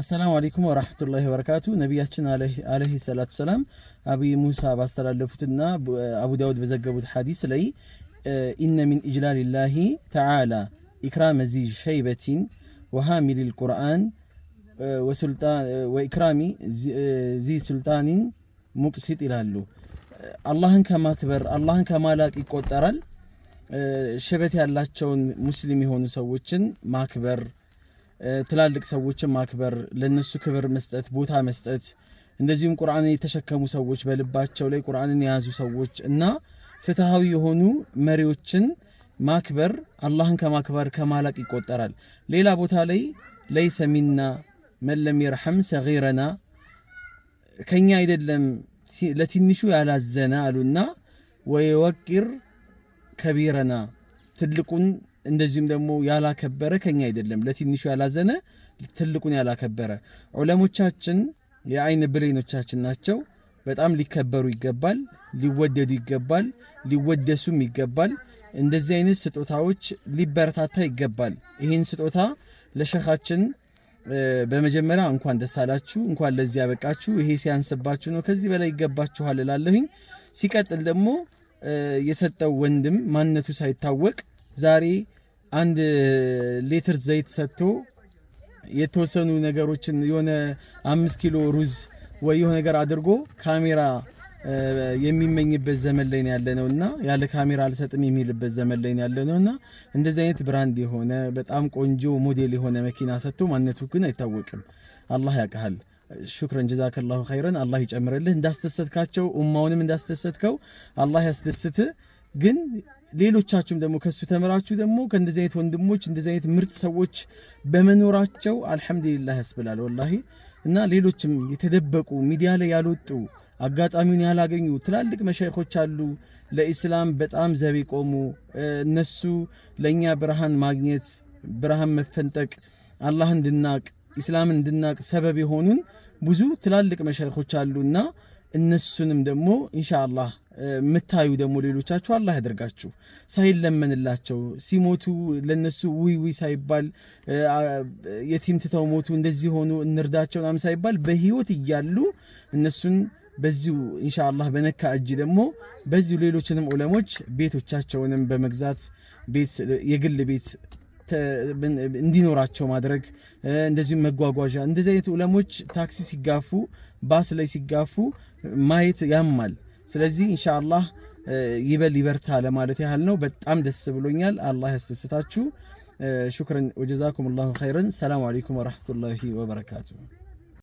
አሰላሙ አለይኩም ወራህመቱላሂ ወበረካቱ። ነቢያችን አለይሂ ሰላቱ ሰላም አቢ ሙሳ ባስተላለፉትና አቡ ዳውድ በዘገቡት ሐዲስ ላይ ኢነ ሚን ኢጅላሊላሂ ተዓላ ኢክራመ ዚ ሸይበቲን ወሃሚሊል ቁርአን ወኢክራሚ ዚ ሱልጣኒን ሙቅሲጥ ይላሉ። አላህን ከማክበር አላህን ከማላቅ ይቆጠራል። ሽበት ያላቸውን ሙስሊም የሆኑ ሰዎችን ማክበር ትላልቅ ሰዎችን ማክበር፣ ለነሱ ክብር መስጠት፣ ቦታ መስጠት፣ እንደዚሁም ቁርአንን የተሸከሙ ሰዎች፣ በልባቸው ላይ ቁርአንን የያዙ ሰዎች እና ፍትሐዊ የሆኑ መሪዎችን ማክበር አላህን ከማክበር ከማላቅ ይቆጠራል። ሌላ ቦታ ላይ ለይሰ ሚና መን ለም የርሐም ሰጊረና ከኛ አይደለም ለትንሹ ያላዘነ አሉና ወየወቂር ከቢረና ትልቁን እንደዚሁም ደግሞ ያላከበረ ከኛ አይደለም። ለትንሹ ያላዘነ ትልቁን ያላከበረ ዑለሞቻችን የአይን ብሌኖቻችን ናቸው። በጣም ሊከበሩ ይገባል፣ ሊወደዱ ይገባል፣ ሊወደሱም ይገባል። እንደዚህ አይነት ስጦታዎች ሊበረታታ ይገባል። ይህን ስጦታ ለሸኻችን በመጀመሪያ እንኳን ደስ አላችሁ፣ እንኳን ለዚህ ያበቃችሁ። ይሄ ሲያንስባችሁ ነው፣ ከዚህ በላይ ይገባችኋል እላለሁኝ። ሲቀጥል ደግሞ የሰጠው ወንድም ማንነቱ ሳይታወቅ ዛሬ አንድ ሌትር ዘይት ሰጥቶ የተወሰኑ ነገሮችን የሆነ አምስት ኪሎ ሩዝ ወይ የሆነ ነገር አድርጎ ካሜራ የሚመኝበት ዘመን ላይ ያለ ነው እና ያለ ካሜራ አልሰጥም የሚልበት ዘመን ላይ ያለ ነው እና እንደዚህ አይነት ብራንድ የሆነ በጣም ቆንጆ ሞዴል የሆነ መኪና ሰጥቶ ማነቱ ግን አይታወቅም። አላህ ያውቅሃል። ሹክረን ጀዛከላሁ ኸይረን። አላህ ይጨምርልህ። እንዳስደሰትካቸው ኡማውንም እንዳስደሰትከው አላህ ያስደስት ግን ሌሎቻችሁም ደግሞ ከሱ ተምራችሁ ደግሞ ከእንደዚህ አይነት ወንድሞች እንደዚህ አይነት ምርጥ ሰዎች በመኖራቸው አልሐምዱሊላህ ያስብላል ወላሂ። እና ሌሎችም የተደበቁ ሚዲያ ላይ ያልወጡ አጋጣሚውን ያላገኙ ትላልቅ መሻይኮች አሉ፣ ለኢስላም በጣም ዘብ የቆሙ እነሱ ለእኛ ብርሃን ማግኘት ብርሃን መፈንጠቅ አላህ እንድናቅ ኢስላምን እንድናቅ ሰበብ የሆኑን ብዙ ትላልቅ መሻይኮች እና እነሱንም ደግሞ ኢንሻ አላህ ምታዩ ደግሞ ሌሎቻችሁ አላህ ያደርጋችሁ። ሳይለመንላቸው ሲሞቱ ለነሱ ውይ ውይ ሳይባል የቲም ትተው ሞቱ እንደዚህ ሆኑ እንርዳቸው ናም ሳይባል በህይወት እያሉ እነሱን በዚሁ ኢንሻአላህ በነካ እጅ ደግሞ በዚሁ ሌሎችንም ዑለሞች ቤቶቻቸውንም በመግዛት ቤት የግል ቤት እንዲኖራቸው ማድረግ እንደዚሁም መጓጓዣ እንደዚህ አይነት ዑለሞች ታክሲ ሲጋፉ፣ ባስ ላይ ሲጋፉ ማየት ያማል። ስለዚህ ኢንሻአላህ ይበል ይበርታ ለማለት ያህል ነው። በጣም ደስ ብሎኛል። አላህ ያስደስታችሁ። ሹክረን ወጀዛኩም ላሁ ኸይረን። ሰላም አለይኩም ወረሕመቱላሂ ወበረካቱሁ